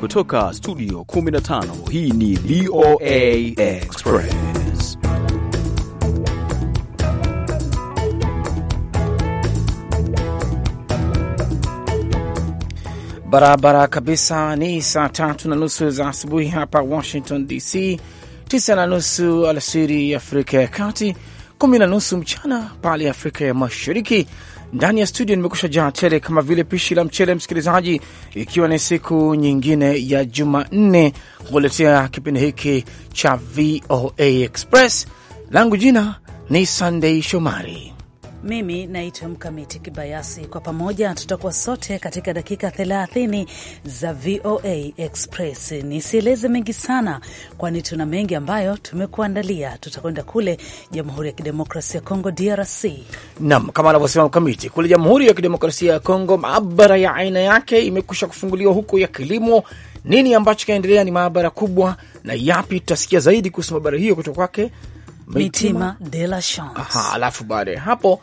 kutoka studio 15 hii ni VOA Express barabara kabisa ni saa tatu na nusu za asubuhi hapa Washington DC, tisa na nusu alasiri Afrika ya Kati, kumi na nusu mchana pale Afrika ya Mashariki ndani ya studio nimekusha jaa tele kama vile pishi la mchele, msikilizaji, ikiwa ni siku nyingine ya Jumanne kukuletea kipindi hiki cha VOA Express. Langu jina ni Sunday Shomari mimi naitwa Mkamiti Kibayasi. Kwa pamoja tutakuwa sote katika dakika 30 za VOA Express. Nisieleze mengi sana, kwani tuna mengi ambayo tumekuandalia. Tutakwenda kule Jamhuri ya Kidemokrasia ya Kongo, DRC. Naam, kama anavyosema Mkamiti, kule Jamhuri ya Kidemokrasia ya Kongo maabara ya aina yake imekwisha kufunguliwa huko ya kilimo. Nini ambacho kinaendelea? Ni maabara kubwa, na yapi tutasikia zaidi kuhusu maabara hiyo kutoka kwake Mitima de la Chance. Aha, alafu baada ya hapo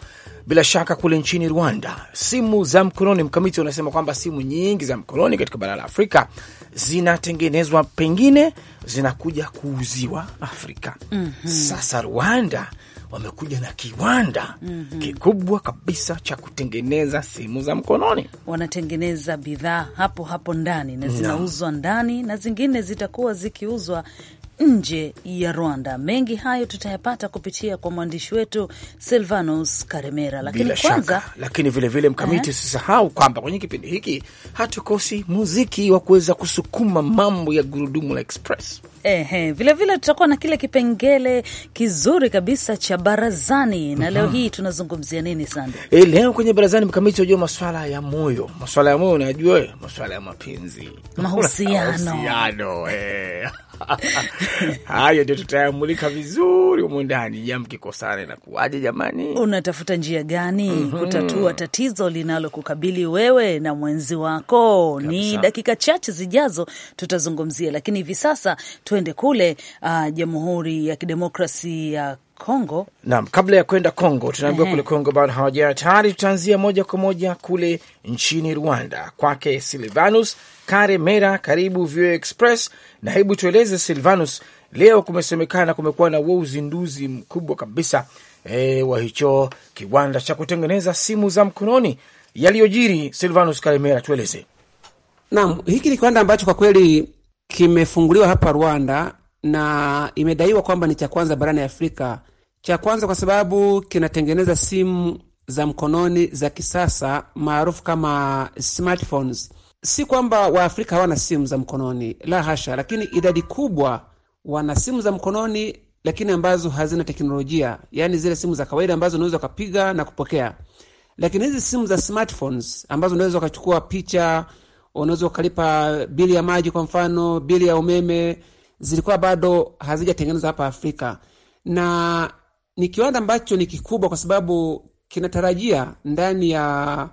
bila shaka kule nchini Rwanda, simu za mkononi mkamiti, unasema kwamba simu nyingi za mkononi katika bara la Afrika zinatengenezwa, pengine zinakuja kuuziwa Afrika. mm -hmm. Sasa Rwanda wamekuja na kiwanda mm -hmm. kikubwa kabisa cha kutengeneza simu za mkononi. Wanatengeneza bidhaa hapo hapo ndani na zinauzwa no. ndani na zingine zitakuwa zikiuzwa nje ya Rwanda. Mengi hayo tutayapata kupitia kwa mwandishi wetu Silvanus Karemera, lakini bila kwanza shaka, lakini vilevile Mkamiti, usisahau eh? kwamba kwenye kipindi hiki hatukosi muziki wa kuweza kusukuma mambo ya gurudumu la express. Ehe, vilevile tutakuwa na kile kipengele kizuri kabisa cha barazani na mhm. leo hii tunazungumzia nini sana? E, eh, leo kwenye barazani Mkamiti, unajua maswala ya moyo, maswala ya moyo, unajua maswala ya mapenzi, mahusiano eh. haya ndio tutayamulika vizuri humu ndani. Je, mkikosana inakuwaje jamani? Unatafuta njia gani mm -hmm. kutatua tatizo linalokukabili wewe na mwenzi wako? Kapsa. Ni dakika chache zijazo tutazungumzia, lakini hivi sasa tuende kule uh, Jamhuri ya Kidemokrasia ya Kongo. Naam, kabla ya kwenda Kongo, tunaambiwa kule Kongo bado hawajaa tayari. Tutaanzia moja kwa moja kule nchini Rwanda, kwake Silvanus Karemera. Karibu VOA Express, na hebu tueleze Silvanus, leo kumesemekana kumekuwa na uzinduzi mkubwa kabisa e, wa hicho kiwanda cha kutengeneza simu za mkononi. Yaliyojiri, Silvanus Karemera, tueleze. Naam, hiki ni kiwanda ambacho kwa kweli kimefunguliwa hapa Rwanda na imedaiwa kwamba ni cha kwanza barani Afrika. Cha kwanza kwa sababu kinatengeneza simu za mkononi za kisasa maarufu kama smartphones. Si kwamba Waafrika hawana simu za mkononi, la hasha, lakini idadi kubwa wana simu za mkononi lakini ambazo hazina teknolojia, yaani zile simu za kawaida ambazo unaweza ukapiga na kupokea. Lakini hizi simu za smartphones ambazo unaweza ukachukua picha, unaweza ukalipa bili ya maji kwa mfano, bili ya umeme zilikuwa bado hazijatengenezwa hapa Afrika, na ni kiwanda ambacho ni kikubwa kwa sababu kinatarajia ndani ya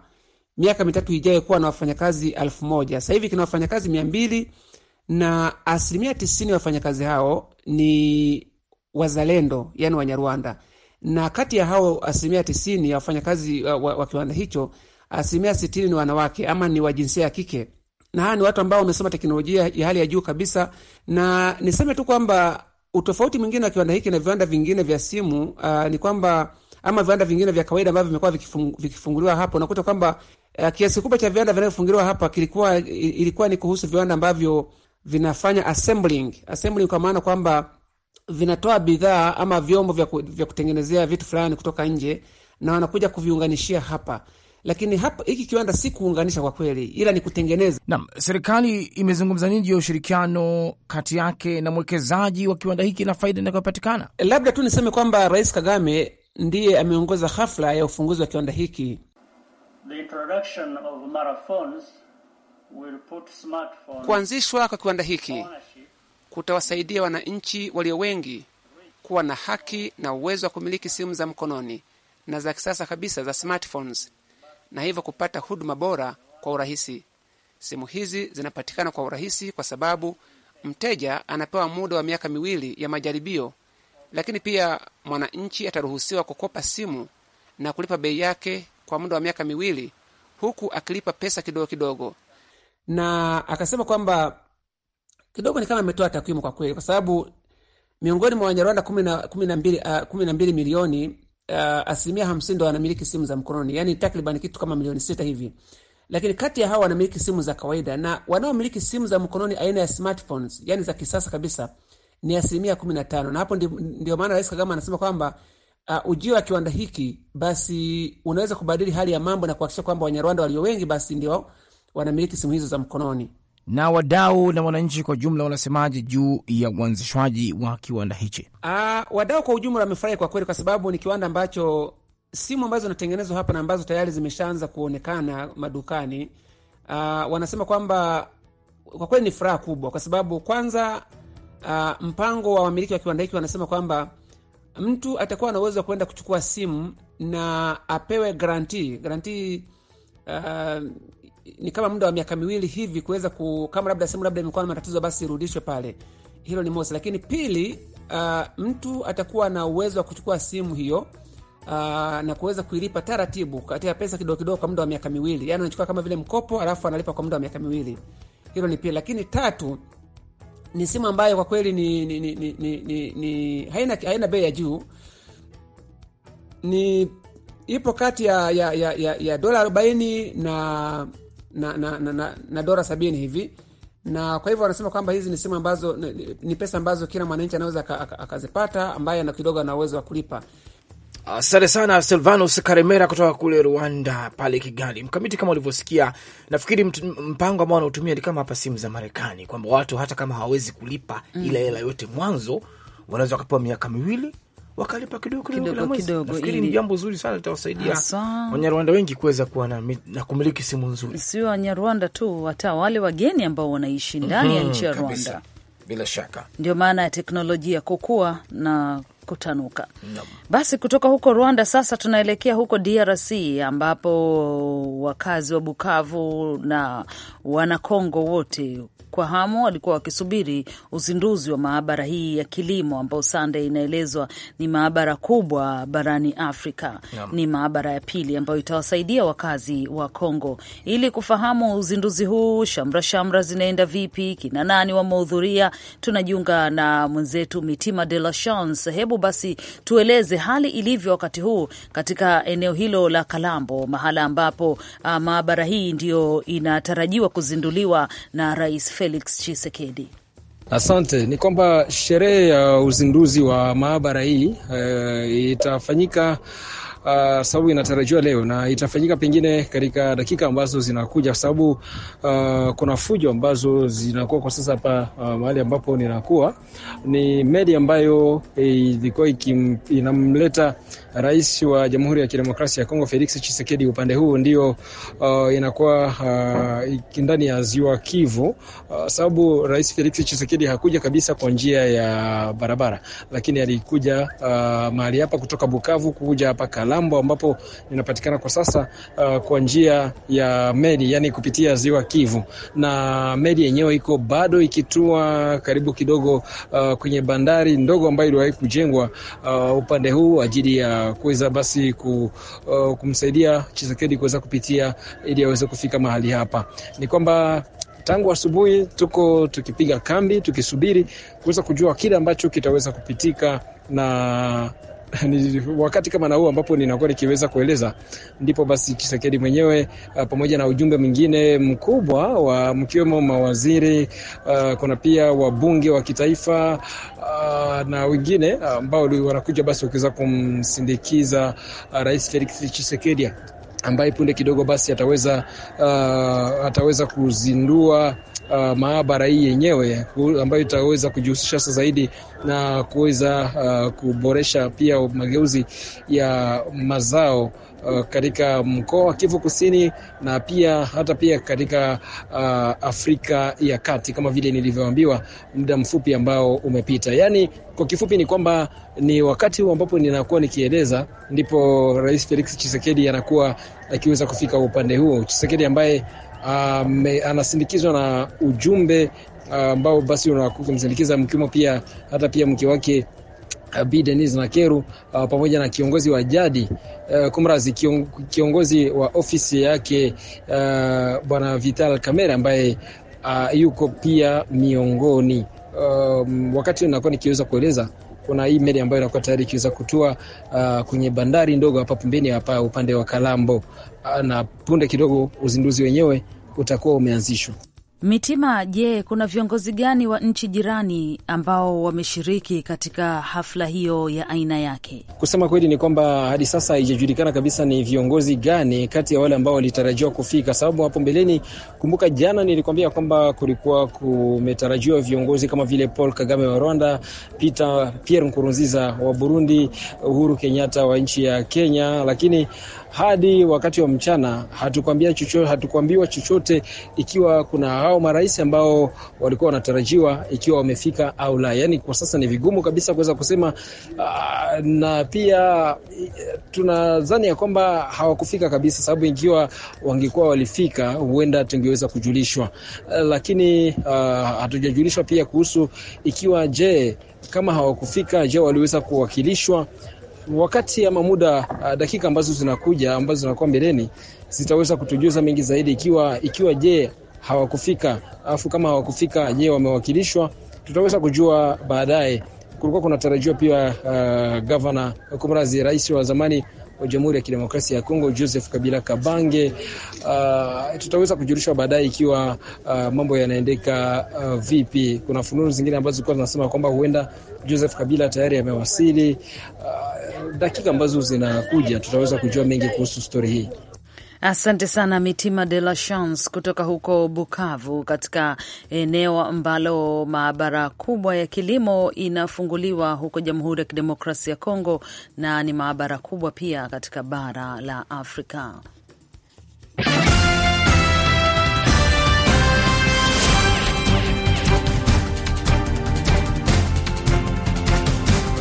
miaka mitatu ijayo kuwa na wafanyakazi elfu moja. Sasa hivi kina wafanyakazi mia mbili na asilimia tisini ya wafanyakazi hao ni wazalendo, yani Wanyarwanda, na kati ya hao asilimia tisini ya wafanyakazi wa, wa, wa kiwanda hicho asilimia sitini ni wanawake ama ni wa jinsia ya kike na hawa ni watu ambao wamesoma teknolojia ya hali ya juu kabisa, na niseme tu kwamba utofauti mwingine wa kiwanda hiki na viwanda vingine vya simu uh, ni kwamba ama viwanda vingine vya kawaida ambavyo vimekuwa vikifunguliwa hapo, unakuta kwamba uh, kiasi kikubwa cha viwanda vinavyofunguliwa hapa kilikuwa ilikuwa ni kuhusu viwanda ambavyo vinafanya assembling. Assembling kwa maana kwamba vinatoa bidhaa ama vyombo vya, ku, vya kutengenezea vitu fulani kutoka nje na wanakuja kuviunganishia hapa lakini hapa hiki kiwanda si kuunganisha kwa kweli, ila ni kutengeneza. Naam, serikali imezungumza nini juu ya ushirikiano kati yake na mwekezaji wa kiwanda hiki na faida inayopatikana? Labda tu niseme kwamba Rais Kagame ndiye ameongoza hafla ya ufunguzi wa kiwanda hiki. Kuanzishwa kwa kiwanda hiki kutawasaidia wananchi walio wengi kuwa na haki na uwezo wa kumiliki simu za mkononi na za kisasa kabisa za smartphones na hivyo kupata huduma bora kwa urahisi. Simu hizi zinapatikana kwa urahisi kwa sababu mteja anapewa muda wa miaka miwili ya majaribio, lakini pia mwananchi ataruhusiwa kukopa simu na kulipa bei yake kwa muda wa miaka miwili huku akilipa pesa kidogo kidogo. Na akasema kwamba kidogo ni kama ametoa takwimu kwa kweli, kwa sababu miongoni mwa Wanyarwanda kumi na ah, mbili milioni uh, asilimia hamsini ndo wanamiliki simu za mkononi, yani takriban kitu kama milioni sita hivi. Lakini kati ya hawa wanamiliki simu za kawaida na wanaomiliki simu za mkononi aina ya smartphones, yani za kisasa kabisa, ni asilimia kumi na tano. Na hapo ndio maana Rais Kagame anasema kwamba uh, ujio wa kiwanda hiki basi unaweza kubadili hali ya mambo na kuhakikisha kwamba Wanyarwanda walio wengi basi ndio wanamiliki simu hizo za mkononi na wadau na wananchi kwa jumla wanasemaje juu ya uanzishwaji wa kiwanda hichi? Uh, wadau kwa ujumla wamefurahi kwa kweli, kwa sababu ni kiwanda ambacho simu ambazo zinatengenezwa hapa na ambazo tayari zimeshaanza kuonekana madukani. Uh, wanasema kwamba kwa kweli ni furaha kubwa, kwa sababu kwanza, uh, mpango wa wamiliki wa kiwanda hiki wanasema kwamba mtu atakuwa na uwezo wa kuenda kuchukua simu na apewe garanti garanti, uh, ni kama muda wa miaka miwili hivi kuweza ku, kama labda sehemu labda imekuwa na matatizo basi irudishwe pale. Hilo ni mosi, lakini pili, uh, mtu atakuwa na uwezo wa kuchukua simu hiyo uh, na kuweza kuilipa taratibu katika pesa kidogo kidogo kwa muda wa miaka miwili, yani anachukua kama vile mkopo, alafu analipa kwa muda wa miaka miwili. Hilo ni pili, lakini tatu ni simu ambayo kwa kweli ni, ni, ni, ni, ni, ni haina, haina bei ya juu, ni ipo kati ya, ya, ya, ya, ya dola 40 na na, na, na, na, na dola sabini hivi na kwa hivyo wanasema kwamba hizi ni simu ambazo ni, pesa ambazo kila mwananchi anaweza akazipata ambaye ana kidogo ana uwezo wa kulipa. Asante sana Silvanus Karemera kutoka kule Rwanda pale Kigali. Mkamiti, kama ulivyosikia, nafikiri mpango ambao wanautumia ni kama hapa simu za Marekani, kwamba watu hata kama hawawezi kulipa mm, ila hela yote mwanzo wanaweza wakapewa miaka miwili wakalipa kidogo kidogo Nafikiri ni jambo zuri sana, litawasaidia Wanyarwanda wengi kuweza kuwa na, na kumiliki simu nzuri, sio Wanyarwanda tu, hata wale wageni ambao wanaishi ndani mm -hmm, ya mhm, nchi ya Rwanda. Bila shaka ndio maana ya teknolojia kukua na kutanuka. No. Basi kutoka huko Rwanda sasa tunaelekea huko DRC ambapo wakazi wa Bukavu na Wanakongo wote kwa hamu walikuwa wakisubiri uzinduzi wa maabara hii ya kilimo ambao Sande inaelezwa ni maabara kubwa barani Afrika. Yum. Ni maabara ya pili ambayo itawasaidia wakazi wa Kongo. Ili kufahamu uzinduzi huu, shamra shamra zinaenda vipi, kina nani wamehudhuria, tunajiunga na mwenzetu Mitima de la Chance. Hebu basi tueleze hali ilivyo wakati huu katika eneo hilo la Kalambo, mahala ambapo ah, maabara hii ndiyo inatarajiwa kuzinduliwa na Rais Felix Chisekedi. Asante. Ni kwamba sherehe ya uzinduzi wa maabara hii uh, itafanyika Uh, sababu inatarajiwa leo na itafanyika pengine katika dakika ambazo zinakuja, sababu uh, kuna fujo ambazo zinakuwa kwa sasa hapa uh, mahali ambapo ninakuwa ni meli ambayo eh, ilikuwa eh, inamleta rais wa Jamhuri ya Kidemokrasia ya Kongo Felix Tshisekedi upande huu ndio uh, inakuwa uh, ndani ya Ziwa Kivu uh, sababu rais Felix Tshisekedi hakuja kabisa kwa njia ya barabara, lakini alikuja uh, mahali hapa kutoka Bukavu kuja hapa Kalambo ambapo inapatikana kwa sasa uh, kwa njia ya meli, yani kupitia Ziwa Kivu, na meli yenyewe iko bado ikitua karibu kidogo uh, kwenye bandari ndogo ambayo iliwahi kujengwa uh, upande huu ajili ya kuweza basi ku, uh, kumsaidia Chisekedi kuweza kupitia ili aweze kufika mahali hapa. Ni kwamba tangu asubuhi tuko tukipiga kambi tukisubiri kuweza kujua kile ambacho kitaweza kupitika na ni wakati kama na huu ambapo ninakuwa nikiweza kueleza, ndipo basi Chisekedi mwenyewe uh, pamoja na ujumbe mwingine mkubwa wa mkiwemo mawaziri uh, kuna pia wabunge wa kitaifa uh, na wengine uh, ambao uh, wanakuja basi wakiweza kumsindikiza uh, Rais Felix Chisekedi ambaye punde kidogo basi ataweza, uh, ataweza kuzindua uh, maabara hii yenyewe ambayo itaweza kujihusisha sasa zaidi na kuweza uh, kuboresha pia mageuzi ya mazao uh, katika mkoa wa Kivu Kusini na pia hata pia katika uh, Afrika ya Kati kama vile nilivyoambiwa muda mfupi ambao umepita. Yaani kwa kifupi ni kwamba ni wakati huu ambapo ninakuwa nikieleza ndipo Rais Felix Tshisekedi anakuwa akiweza kufika upande huo. Chisekedi ambaye uh, anasindikizwa na ujumbe ah, ambao basi unakumsindikiza mkiwemo pia hata pia mke wake ah, Bi Denis Nakeru uh, pamoja na kiongozi wa jadi uh, kumrazi kion, kiongozi wa ofisi yake uh, bwana Vital Kamera ambaye uh, yuko pia miongoni um, wakati nakuwa nikiweza kueleza kuna hii meli ambayo inakuwa tayari ikiweza kutua uh, kwenye bandari ndogo hapa pembeni hapa upande wa Kalambo, uh, na punde kidogo uzinduzi wenyewe utakuwa umeanzishwa. Mitima, je, kuna viongozi gani wa nchi jirani ambao wameshiriki katika hafla hiyo ya aina yake? Kusema kweli ni kwamba hadi sasa haijajulikana kabisa ni viongozi gani kati ya wale ambao walitarajiwa kufika, sababu hapo mbeleni, kumbuka jana nilikuambia kwamba kulikuwa kumetarajiwa viongozi kama vile Paul Kagame wa Rwanda, Peter Pierre Nkurunziza wa Burundi, Uhuru Kenyatta wa nchi ya Kenya, lakini hadi wakati wa mchana hatukwambia chochote, hatukwambiwa chochote ikiwa kuna hao marais ambao walikuwa wanatarajiwa ikiwa wamefika au la. Yani kwa sasa ni vigumu kabisa kuweza kusema aa, ah, na pia tunadhani ya kwamba hawakufika kabisa, sababu ikiwa wangekuwa walifika huenda tungeweza kujulishwa, lakini ah, hatujajulishwa pia kuhusu ikiwa je, kama hawakufika, je, waliweza kuwakilishwa wakati ama muda uh, dakika ambazo zinakuja ambazo zinakuwa mbeleni zitaweza kutujuza mengi zaidi, ikiwa ikiwa je hawakufika, alafu kama hawakufika, je wamewakilishwa? Tutaweza kujua baadaye. Kulikuwa kunatarajiwa pia uh, gavana kumrazi, rais wa zamani wa Jamhuri ya Kidemokrasia ya Kongo Joseph Kabila Kabange. Uh, tutaweza kujulishwa baadaye ikiwa uh, mambo yanaendeka uh, vipi. Kuna fununu zingine ambazo zilikuwa zinasema kwamba huenda Joseph Kabila tayari amewasili uh, dakika ambazo zinakuja tutaweza kujua mengi kuhusu stori hii. Asante sana Mitima de la Chance kutoka huko Bukavu, katika eneo ambalo maabara kubwa ya kilimo inafunguliwa huko Jamhuri ya Kidemokrasia ya Kongo, na ni maabara kubwa pia katika bara la Afrika.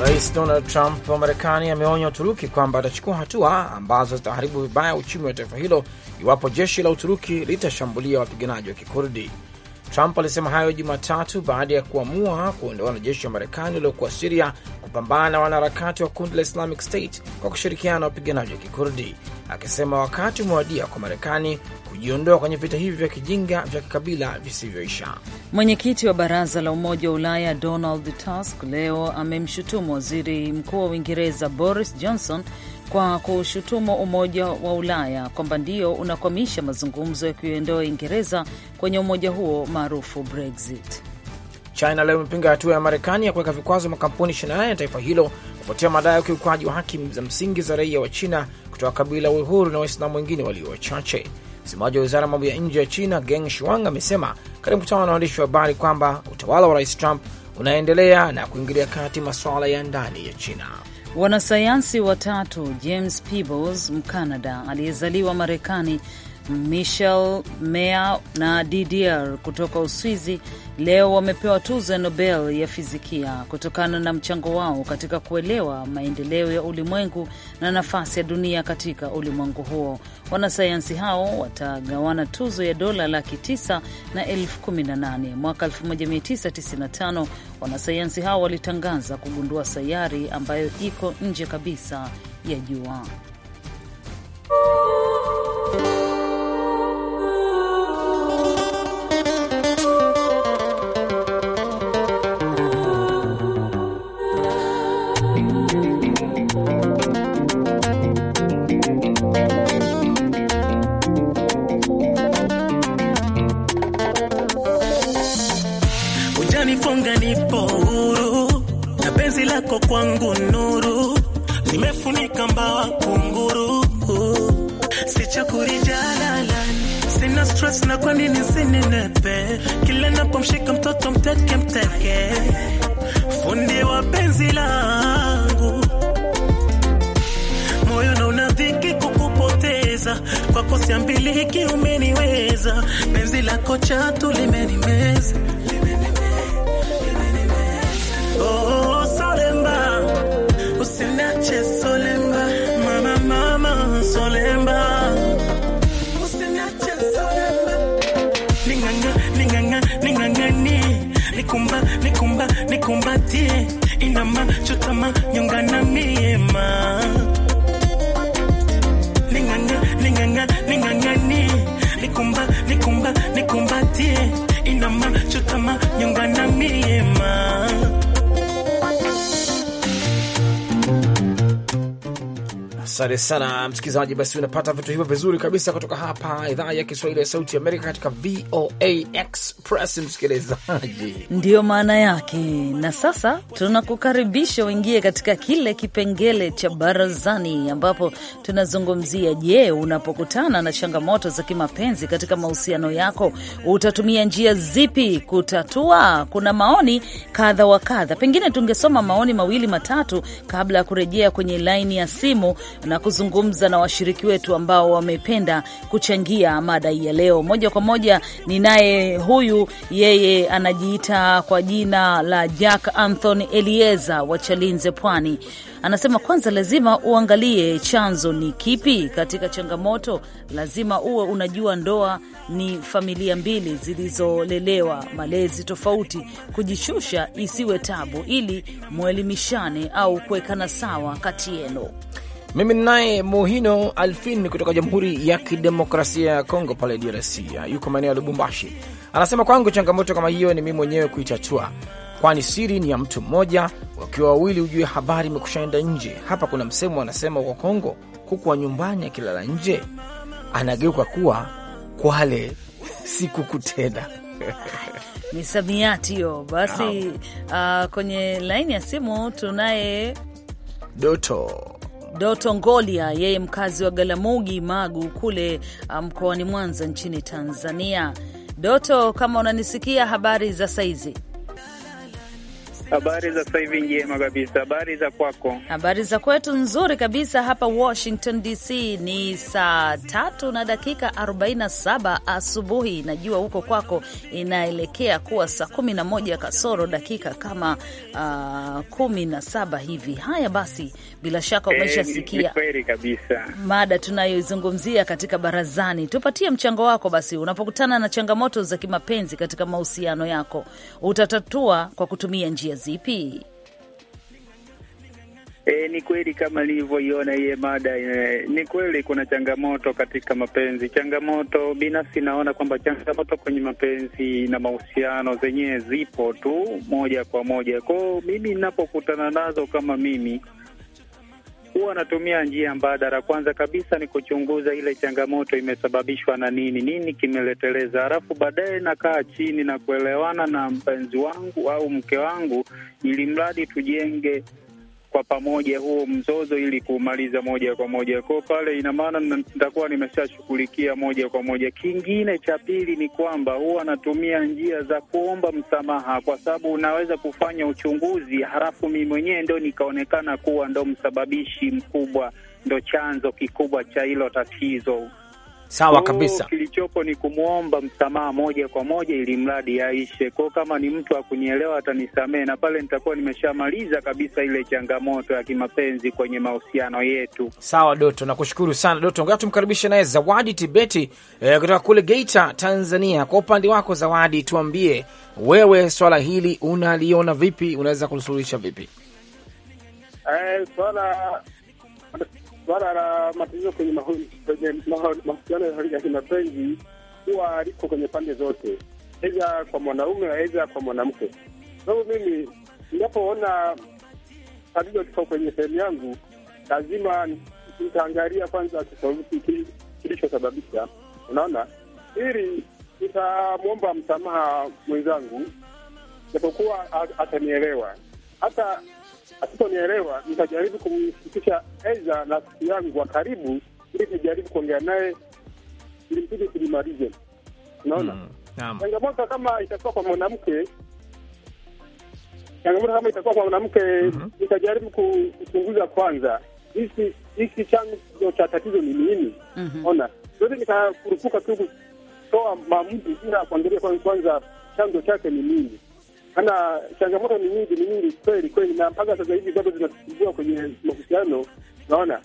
Rais Donald Trump wa Marekani ameonya Uturuki kwamba atachukua hatua ambazo zitaharibu vibaya uchumi wa taifa hilo iwapo jeshi la Uturuki litashambulia wapiganaji wa Kikurdi. Trump alisema hayo Jumatatu baada ya kuamua kuondoa wanajeshi wa Marekani waliokuwa Siria kupambana na wanaharakati wa kundi la Islamic State kwa kushirikiana na wapiganaji wa Kikurdi, akisema wakati umewadia kwa Marekani kujiondoa kwenye vita hivi vya kijinga vya kikabila visivyoisha. Mwenyekiti wa Baraza la Umoja wa Ulaya Donald Tusk leo amemshutumu waziri mkuu wa Uingereza Boris Johnson kwa kushutumu Umoja wa Ulaya kwamba ndio unakwamisha mazungumzo ya kuiondoa Uingereza kwenye umoja huo maarufu Brexit. China leo imepinga hatua ya Marekani ya kuweka vikwazo makampuni 28 ya taifa hilo kufuatia madai ya ukiukaji wa haki za msingi za raia wa China kutoka kabila la Uihuru na Waislamu wengine walio wachache. Msemaji wa wizara ya mambo ya nje ya China Geng Shuang amesema katika mkutano na waandishi wa habari kwamba utawala wa Rais Trump unaendelea na kuingilia kati masuala ya ndani ya China. Wanasayansi watatu James Peebles, Mkanada aliyezaliwa Marekani Michel Meyer na Didier kutoka Uswizi leo wamepewa tuzo ya Nobel ya fizikia kutokana na mchango wao katika kuelewa maendeleo ya ulimwengu na nafasi ya dunia katika ulimwengu huo. Wanasayansi hao watagawana tuzo ya dola laki tisa na elfu kumi na nane. Mwaka 1995 wanasayansi hao walitangaza kugundua sayari ambayo iko nje kabisa ya jua. lako kwangu nuru, limefunika mbawa kunguru, sichukuri jalalani, sina stress na kwa nini sinenepe, kila napomshika mtoto mteke mteke, fundi wa penzi langu, moyo na unadhiki kukupoteza, kwa kwako hiki umeniweza penzi lako chatu limenimeza, limenimeza, limenimeza. Oh. niache solemba, mama mama solemba, usiniache solemba, ninganga ninganga ninganga ni. nikumba nikumba nikumbatie, inama chutama nyongana miema, ninganga ninganga ninganga ni. nikumba nikumba nikumbatie, inama chutama nyongana miema. Asante sana msikilizaji, basi unapata vitu hivyo vizuri kabisa kutoka hapa idhaa ya Kiswahili ya Sauti Amerika katika VOA Express. Msikilizaji, ndiyo maana yake. Na sasa tunakukaribisha uingie katika kile kipengele cha barazani, ambapo tunazungumzia, je, unapokutana na changamoto za kimapenzi katika mahusiano yako utatumia njia zipi kutatua? Kuna maoni kadha wa kadha, pengine tungesoma maoni mawili matatu kabla ya kurejea kwenye laini ya simu na kuzungumza na washiriki wetu ambao wamependa kuchangia mada ya leo. Moja kwa moja ni naye huyu, yeye anajiita kwa jina la Jack Anthony Elieza wa Chalinze, Pwani. Anasema kwanza lazima uangalie chanzo ni kipi katika changamoto. Lazima uwe unajua ndoa ni familia mbili zilizolelewa malezi tofauti. Kujishusha isiwe tabu, ili mwelimishane au kuwekana sawa kati yenu. Mimi ninaye Muhino Alfin kutoka Jamhuri ya Kidemokrasia ya Kongo pale DRC, yuko maeneo ya Lubumbashi. Anasema kwangu changamoto kama hiyo ni mimi mwenyewe kuitatua, kwani siri ni ya mtu mmoja. Wakiwa wawili, hujue habari imekushaenda nje. Hapa kuna msemo anasema huko Kongo, kuku wa nyumbani akilala nje anageuka kuwa kwale, si kuku tena. Misamiati hiyo. Basi uh, kwenye laini ya simu tunaye Doto Doto Ngolia, yeye mkazi wa Galamugi Magu kule uh, mkoani Mwanza nchini Tanzania. Doto, kama unanisikia, habari za saizi? Habari za sasa hivi? Njema kabisa. Habari za kwako? Habari za kwetu nzuri kabisa. Hapa Washington DC ni saa tatu na dakika 47 asubuhi. Najua huko kwako inaelekea kuwa saa 11 kasoro dakika kama uh, ah, 17 hivi. Haya basi, bila shaka eh, umeshasikia kweli kabisa mada tunayoizungumzia katika barazani. Tupatie mchango wako basi, unapokutana na changamoto za kimapenzi katika mahusiano yako utatatua kwa kutumia njia zipi? E, ni kweli kama nilivyoiona iye mada e, ni kweli kuna changamoto katika mapenzi. Changamoto binafsi, naona kwamba changamoto kwenye mapenzi na mahusiano zenyewe zipo tu moja kwa moja kwao. Mimi ninapokutana nazo kama mimi huwa anatumia njia mbadala. Kwanza kabisa ni kuchunguza ile changamoto imesababishwa na nini, nini kimeleteleza, halafu baadaye nakaa chini na kuelewana na mpenzi wangu au mke wangu, ili mradi tujenge kwa pamoja huo mzozo ili kumaliza moja kwa moja. Kwa pale, ina maana nitakuwa nimeshashughulikia moja kwa moja. Kingine cha pili ni kwamba huwa anatumia njia za kuomba msamaha, kwa sababu unaweza kufanya uchunguzi halafu mi mwenyewe ndo nikaonekana kuwa ndo msababishi mkubwa, ndo chanzo kikubwa cha hilo tatizo. Sawa kabisa. Kilichopo ni kumwomba msamaha moja kwa moja, ili mradi aishe kwao. Kama ni mtu akunielewa, atanisamehe na pale nitakuwa nimeshamaliza kabisa ile changamoto ya kimapenzi kwenye mahusiano yetu. Sawa Doto, nakushukuru sana Doto. Ngoja tumkaribishe naye Zawadi Tibeti eh, kutoka kule Geita, Tanzania. Kwa upande wako Zawadi, tuambie wewe swala hili unaliona vipi? Unaweza kulisuluhisha vipi? Eh, swala Swala la matatizo kwenye mahusiano ya kimapenzi huwa liko kwenye pande zote, aidha kwa mwanaume, aidha kwa mwanamke. Sababu mimi ninapoona tatizo kiko kwenye sehemu yangu, lazima nitaangalia kwanza tofauti kilichosababisha, unaona, ili nitamwomba msamaha mwenzangu, japokuwa atanielewa hata asiponielewa nitajaribu kumfikisha aidha rafiki yangu wa karibu, ili nijaribu kuongea naye ili mpige kujimalize. Unaona mm, changamoto kama itakuwa kwa mwanamke, changamoto kama itakuwa kwa mwanamke, mhm. nitajaribu kuchunguza kwanza hiki chanzo cha tatizo ni nini. Mhm. Ona siwezi nikakurupuka tu kutoa maamuzi bila kuangalia kwanza chanzo chake ni nini. Maana changamoto ni nyingi, ni nyingi kweli kweli, na mpaka sasa hivi bado zinatusumbua kwenye mahusiano. Naona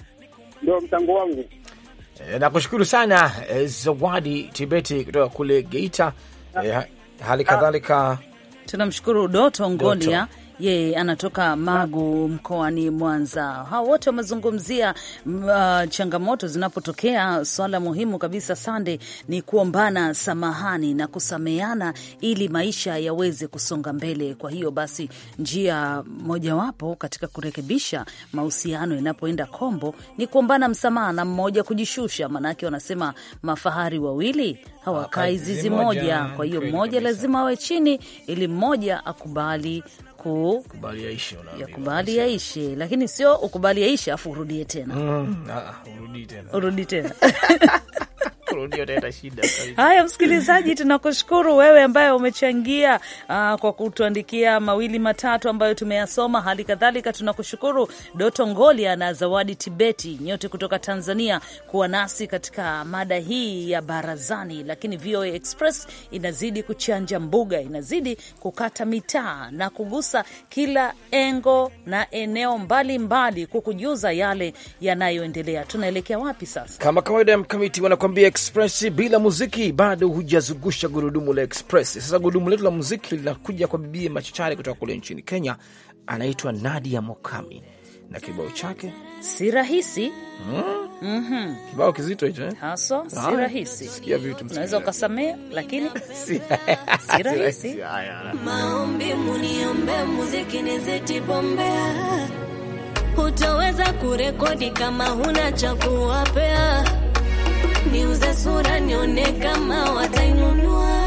ndio mchango wangu. E, nakushukuru sana e, Zawadi Tibeti kutoka kule Geita. E, hali ah. kadhalika tunamshukuru Doto ngonia Doto yeye anatoka Magu mkoani Mwanza. Hao wote wamezungumzia uh, changamoto zinapotokea. Swala muhimu kabisa Sande ni kuombana samahani na kusameana ili maisha yaweze kusonga mbele. Kwa hiyo basi, njia mojawapo katika kurekebisha mahusiano inapoenda kombo ni kuombana msamaha na mmoja kujishusha, maanake wanasema mafahari wawili hawakai zizi moja. Kwa hiyo mmoja lazima awe chini ili mmoja akubali ku kubali yaishe, lakini sio ukubali yaishe afu urudie tena, mm, mm. Ah, ah, urudi tena, urudi tena. Haya, msikilizaji, tunakushukuru wewe ambaye umechangia aa, ah, kwa kutuandikia mawili matatu ambayo tumeyasoma. Hali kadhalika tunakushukuru Doto Ngolia na Zawadi Tibeti, nyote kutoka Tanzania, kuwa nasi katika mada hii ya barazani. Lakini VOA Express inazidi kuchanja mbuga, inazidi kukata mitaa na kugusa kila engo na eneo mbalimbali, kukujuza yale yanayoendelea. Tunaelekea wapi sasa? Kama kawaida ya Mkamiti wanakuambia Express bila muziki bado hujazungusha gurudumu la Express. Sasa gurudumu letu la muziki linakuja kwa bibie machachari kutoka kule nchini Kenya, anaitwa Nadia Mokami na kibao chake si rahisi. Hmm? Mm -hmm. Kibao kizito hicho eh? Haso si rahisi. Sikia vitu unaweza ukasamea lakini si rahisi. Maombi muniombe muziki niziti bombea. Hutaweza kurekodi kama huna cha kuwapea news za sura nione kama watainunua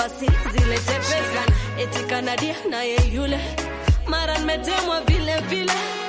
basi ziletepesa pesa, eti Kanadia naye yule mara nimetemwa vile vile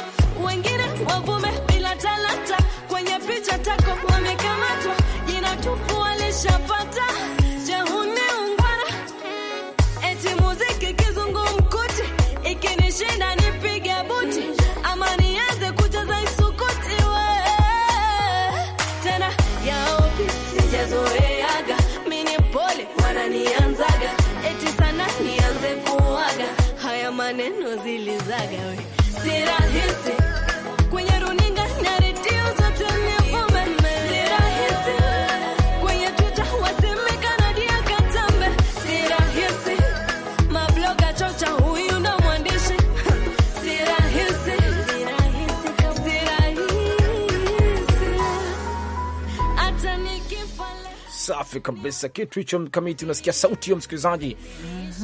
kabisa kitu hicho mkamiti, unasikia sauti ya msikilizaji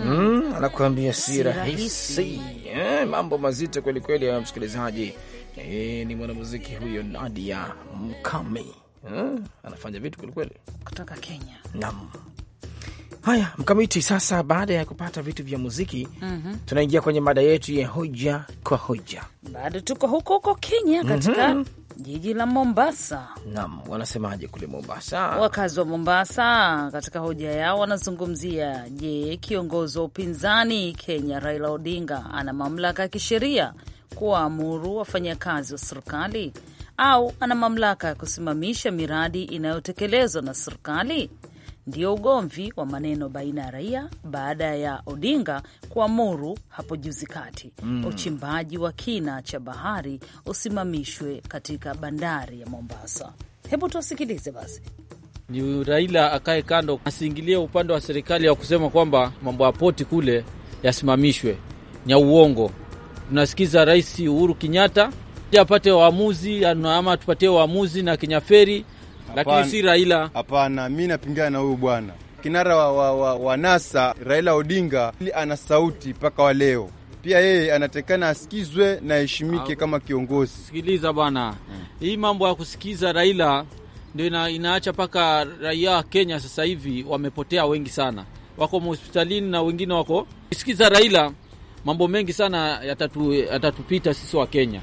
mm, anakuambia si rahisi eh, mambo mazito kweli kweli ya msikilizaji eh, ni mwanamuziki huyo Nadia Mkami eh, anafanya vitu kwelikweli kutoka Kenya. Naam. Haya, Mkamiti, sasa baada ya kupata vitu vya muziki mm -hmm. tunaingia kwenye mada yetu ya hoja kwa hoja. Bado tuko huko huko Kenya katika mm -hmm. jiji la Mombasa. Naam, wanasemaje kule Mombasa? Wakazi wa Mombasa katika hoja yao wanazungumzia, je, kiongozi wa upinzani Kenya Raila Odinga ana mamlaka ya kisheria kuwaamuru wafanyakazi wa serikali au ana mamlaka ya kusimamisha miradi inayotekelezwa na serikali? ndio ugomvi wa maneno baina ya raia baada ya Odinga kuamuru hapo juzi kati mm, uchimbaji wa kina cha bahari usimamishwe katika bandari ya Mombasa. Hebu tuwasikilize basi. Ni Raila akae kando, asiingilie upande wa serikali wa kusema kwamba mambo ya poti kule yasimamishwe, nya uongo. Tunasikiza Rais Uhuru Kenyatta apate waamuzi ama tupatie waamuzi na Kinyaferi lakini si Raila. Hapana, mi napingana na huyu bwana kinara wa, wa, wa, wa NASA Raila Odinga ana sauti mpaka wa leo pia yeye anatekana asikizwe na heshimike kama kiongozi. Sikiliza bwana, hmm. Hii mambo ya kusikiza Raila ndio ina, inaacha mpaka raia wa Kenya sasa hivi wamepotea wengi sana, wako hospitalini na wengine wako. Sikiza Raila, mambo mengi sana yatatupita yatatu sisi wa Kenya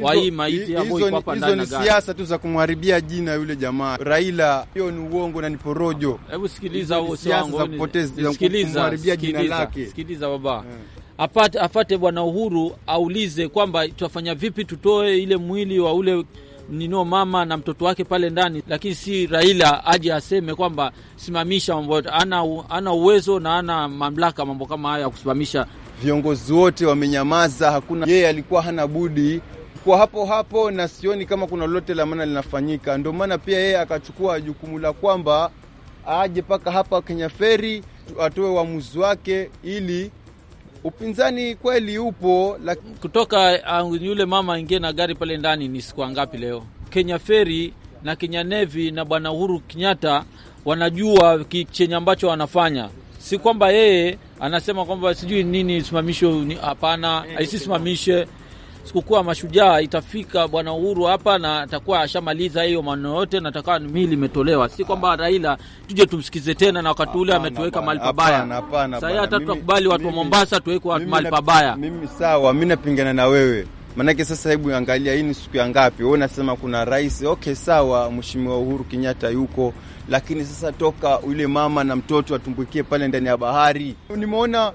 kwa hii maiti hapo iko hapa ndani. Hizo ni siasa tu za kumharibia jina yule jamaa Raila, hiyo ni uongo na ni porojo. Hebu sikiliza huo sio za kupoteza kumharibia jina lake. Sikiliza baba eh. Apate, apate bwana Uhuru aulize kwamba tutafanya vipi tutoe ile mwili wa ule nino mama na mtoto wake pale ndani, lakini si Raila aje aseme kwamba simamisha mambo yote. Ana, ana uwezo na ana mamlaka mambo kama haya ya kusimamisha. Viongozi wote wamenyamaza, hakuna yeye, alikuwa hana budi kwa hapo hapo, na sioni kama kuna lolote la maana linafanyika. Ndio maana pia yeye akachukua jukumu la kwamba aje mpaka hapa Kenya Ferry atoe uamuzi wake ili upinzani kweli upo la... kutoka uh, yule mama ingie na gari pale ndani. Ni siku ngapi leo? Kenya Ferry na Kenya Navy na Bwana Uhuru Kenyatta wanajua chenye ambacho wanafanya, si kwamba yeye anasema kwamba sijui nini simamisho. Hapana, eh, isisimamishe sikukuu ya mashujaa itafika bwana Uhuru hapa na atakuwa ashamaliza hiyo maneno yote, na takawa mili imetolewa, si kwamba Raila tuje tumsikize tena, na wakati ule ametuweka mahali pabaya. Sasa hata tutakubali watu wa Mombasa tuweke watu mahali pabaya? Mimi sawa, mimi napingana na wewe Manake sasa, hebu angalia, hii ni siku ya ngapi? Wewe unasema kuna rais. Okay, sawa, mheshimiwa Uhuru Kenyatta yuko lakini sasa toka yule mama na mtoto atumbukie pale ndani ya bahari, nimeona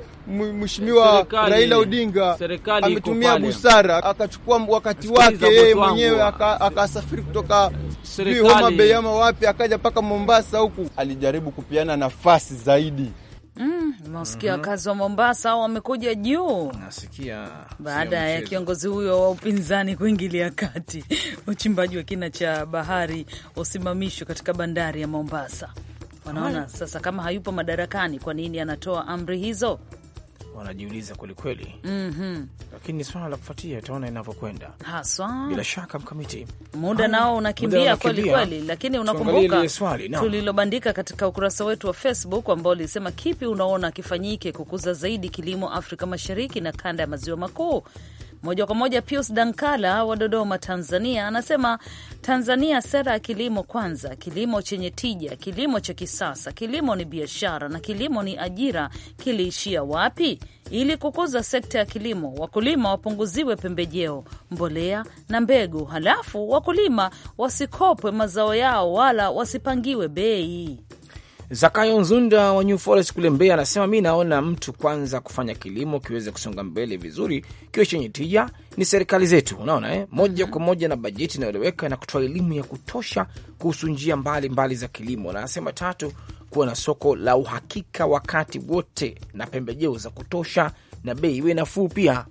Mheshimiwa Raila Odinga ametumia busara, akachukua wakati wake yeye mwenyewe, akasafiri aka kutoka sijui Homa Bay ama wapi, akaja mpaka Mombasa huku, alijaribu kupeana nafasi zaidi Mm, masikia wakazi mhm. mm -hmm. wa Mombasa wamekuja juu nasikia baada ya kiongozi huyo wa upinzani kuingilia kati uchimbaji wa kina cha bahari usimamishwe katika bandari ya Mombasa. Wanaona sasa, kama hayupo madarakani, kwa nini anatoa amri hizo? wanajiuliza kwelikweli. mm -hmm. Lakini ni swala la kufuatia, utaona inavyokwenda haswa. Bila shaka mkamiti, muda nao unakimbia kwelikweli, lakini unakumbuka tulilobandika katika ukurasa wetu wa Facebook ambao lilisema kipi unaona kifanyike kukuza zaidi kilimo Afrika Mashariki na kanda ya maziwa makuu. Moja kwa moja, Pius Dankala wa Dodoma, Tanzania, anasema Tanzania sera ya kilimo kwanza, kilimo chenye tija, kilimo cha kisasa, kilimo ni biashara na kilimo ni ajira kiliishia wapi? Ili kukuza sekta ya kilimo, wakulima wapunguziwe pembejeo, mbolea na mbegu, halafu wakulima wasikopwe mazao yao wala wasipangiwe bei. Zakayo Nzunda wa New Forest kule Mbeya anasema mi naona mtu kwanza kufanya kilimo kiweze kusonga mbele vizuri, kiwe chenye tija ni serikali zetu, unaona eh? moja kwa moja na bajeti inayoeleweka na kutoa elimu ya kutosha kuhusu njia mbalimbali za kilimo, na anasema tatu, kuwa na soko la uhakika wakati wote na pembejeo za kutosha na bei iwe nafuu pia.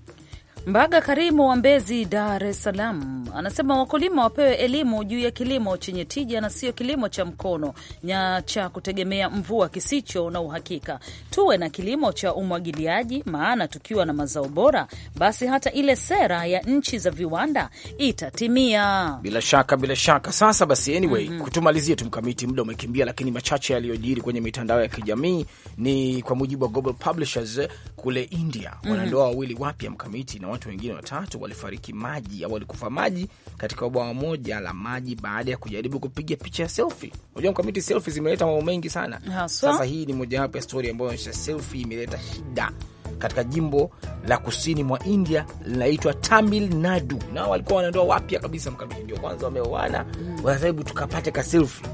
Mbaga Karimu wa Mbezi, Dar es Salaam, anasema wakulima wapewe elimu juu ya kilimo chenye tija na sio kilimo cha mkono na cha kutegemea mvua kisicho na uhakika. Tuwe na kilimo cha umwagiliaji, maana tukiwa na mazao bora, basi hata ile sera ya nchi za viwanda itatimia. Bila shaka, bila shaka. Sasa basi, anyway, mm -hmm. Kutumalizie tumkamiti, muda umekimbia, lakini machache yaliyojiri kwenye mitandao ya kijamii ni kwa mujibu wa Global Publishers kule India, mhm. wanandoa mm -hmm. wawili wapya mkamiti na watu wengine watatu walifariki maji au walikufa maji katika bwawa moja la maji baada ya kujaribu kupiga picha ya sel Unajua mkamiti, selfie zimeleta mambo mengi sana Haswa. Sasa hii ni mojawapo ya stori ambayo onyesha selfie imeleta shida katika jimbo la kusini mwa India linaitwa Tamil Nadu, nao walikuwa wanandoa wapya kabisa, mkamiti ndio kwanza wameoana, mm. wanajaribu tukapate ka selfie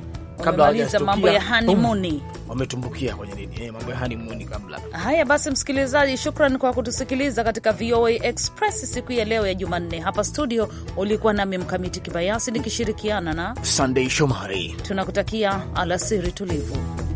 kabla mambo ya hanimuni wametumbukia kwenye nini? Hey, eh, mambo ya hanimuni kabla. Haya basi, msikilizaji, shukran kwa kutusikiliza katika VOA Express siku ya leo ya Jumanne. Hapa studio ulikuwa nami Mkamiti Kibayasi nikishirikiana na Sunday Shomari. Tunakutakia alasiri tulivu.